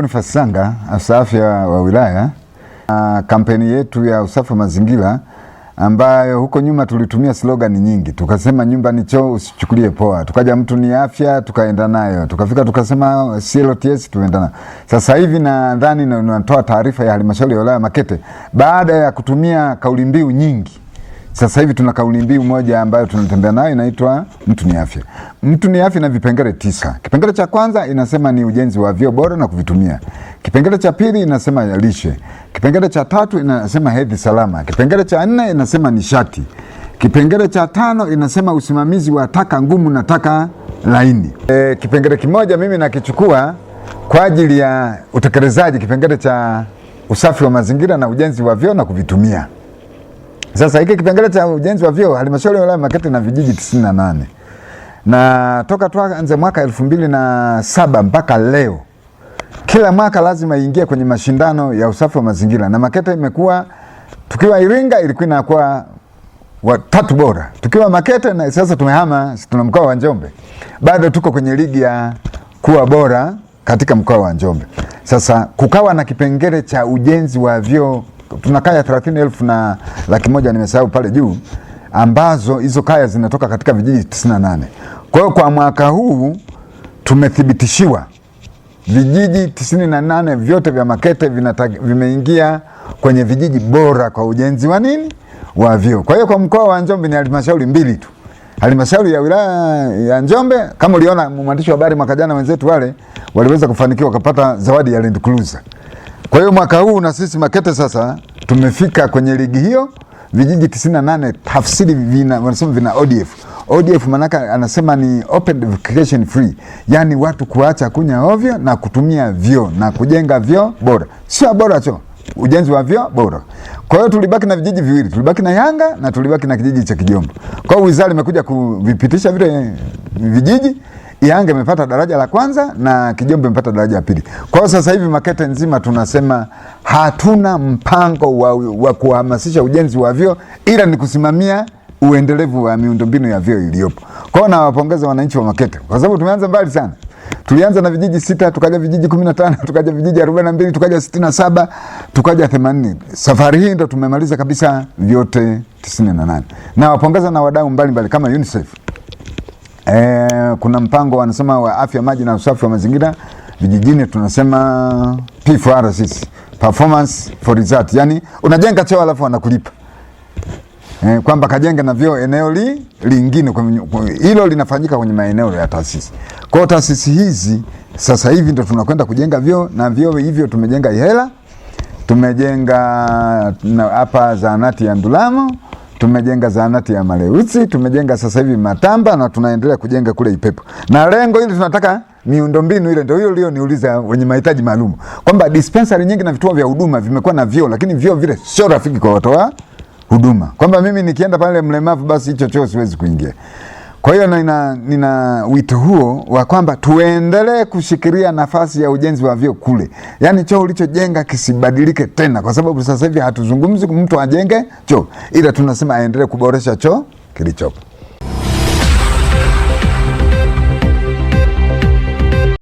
Boniface Sanga, afisa afya wa wilaya, na kampeni yetu ya usafi wa mazingira ambayo huko nyuma tulitumia slogan nyingi, tukasema nyumba ni choo, usichukulie poa, tukaja mtu ni afya, tukaenda nayo, tukafika tukasema CLTS, tumeenda nayo. Sasa hivi nadhani natoa taarifa ya halmashauri ya wilaya Makete baada ya kutumia kauli mbiu nyingi sasa hivi tuna kauli mbiu moja ambayo tunatembea nayo inaitwa mtu ni afya. Mtu ni afya na vipengele tisa. Kipengele cha kwanza inasema ni ujenzi wa vyoo bora na kuvitumia. Kipengele cha pili inasema lishe. Kipengele cha tatu inasema hedhi salama. Kipengele cha nne inasema nishati. Kipengele cha tano inasema usimamizi wa taka ngumu na taka laini. E, kipengele kimoja mimi nakichukua kwa ajili ya utekelezaji, kipengele cha usafi wa mazingira na ujenzi wa vyoo na kuvitumia. Sasa hiki kipengele cha ujenzi wa vyoo halmashauri ya wilaya Makete na vijiji 98 na toka tuanze mwaka elfu mbili na saba mpaka leo, kila mwaka lazima iingie kwenye mashindano ya usafi wa mazingira, na Makete imekuwa tukiwa Iringa ilikuwa inakuwa watatu bora, tukiwa Makete na sasa tumehama, tuna mkoa wa Njombe, bado tuko kwenye ligi ya kuwa bora katika mkoa wa Njombe. Sasa kukawa na kipengele cha ujenzi wa vyoo tuna kaya thelathini elfu na laki moja nimesahau pale juu, ambazo hizo kaya zinatoka katika vijiji 98 Kwa hiyo kwa mwaka huu tumethibitishiwa vijiji 98 vyote vya Makete vimeingia kwenye vijiji bora kwa ujenzi wa nini wa vyoo. Kwa hiyo kwa mkoa wa Njombe ni halmashauri mbili tu, halmashauri ya wilaya ya Njombe. Kama uliona mwandishi wa habari mwaka jana, wenzetu wale waliweza kufanikiwa wakapata zawadi ya Land Cruiser. Kwa hiyo mwaka huu na sisi Makete sasa tumefika kwenye ligi hiyo, vijiji 98 tafsiri vina, wanasema vina ODF. ODF manaka anasema ni open defecation free, yaani watu kuacha kunya ovyo na kutumia vyoo na kujenga vyoo bora, sio bora cho ujenzi wa vyoo bora. Kwa hiyo tulibaki na vijiji viwili, tulibaki na Yanga na tulibaki na kijiji cha Kijombo. Kwa hiyo wizara imekuja kuvipitisha vile vijiji Yanga imepata daraja la kwanza na Kijombe imepata daraja la pili. Kwa hiyo sasa hivi Makete nzima tunasema hatuna mpango wa, wa kuhamasisha ujenzi wa vyoo, ila ni kusimamia uendelevu wa miundombinu ya vyoo iliyopo. Kwa hiyo nawapongeza wananchi wa Makete kwa sababu tumeanza mbali sana. Tulianza na vijiji sita, tukaja vijiji kumi na tano, tukaja vijiji arobaini na mbili, tukaja sitini na saba, tukaja themanini. Safari hii ndo tumemaliza kabisa vyote tisini na nane. Nawapongeza na wadau mbalimbali kama UNICEF e, kuna mpango wanasema wa afya, maji na usafi wa mazingira vijijini, tunasema P4R, sisi, performance for result, yani unajenga choo alafu wanakulipa e, kwamba kajenga na vyoo eneo li, lingine. Hilo linafanyika kwenye maeneo ya taasisi. Kwa taasisi hizi sasa hivi ndo tunakwenda kujenga vyoo na vyoo hivyo tumejenga Ihela tumejenga hapa zahanati ya Ndulamo tumejenga zahanati ya Maleusi, tumejenga sasa hivi Matamba na tunaendelea kujenga kule Ipepo, na lengo hili tunataka miundombinu ile, ndio hiyo ulioniuliza, wenye mahitaji maalum, kwamba dispensari nyingi na vituo vya huduma vimekuwa na vyoo, lakini vyoo vile sio rafiki kwa watoa huduma, kwamba mimi nikienda pale mlemavu, basi hicho choo siwezi kuingia. Kwa hiyo nina, nina wito huo wa kwamba tuendelee kushikilia nafasi ya ujenzi wa vyoo kule, yaani choo ulichojenga kisibadilike tena, kwa sababu sasa hivi hatuzungumzi mtu ajenge choo, ila tunasema aendelee kuboresha choo kilichopo.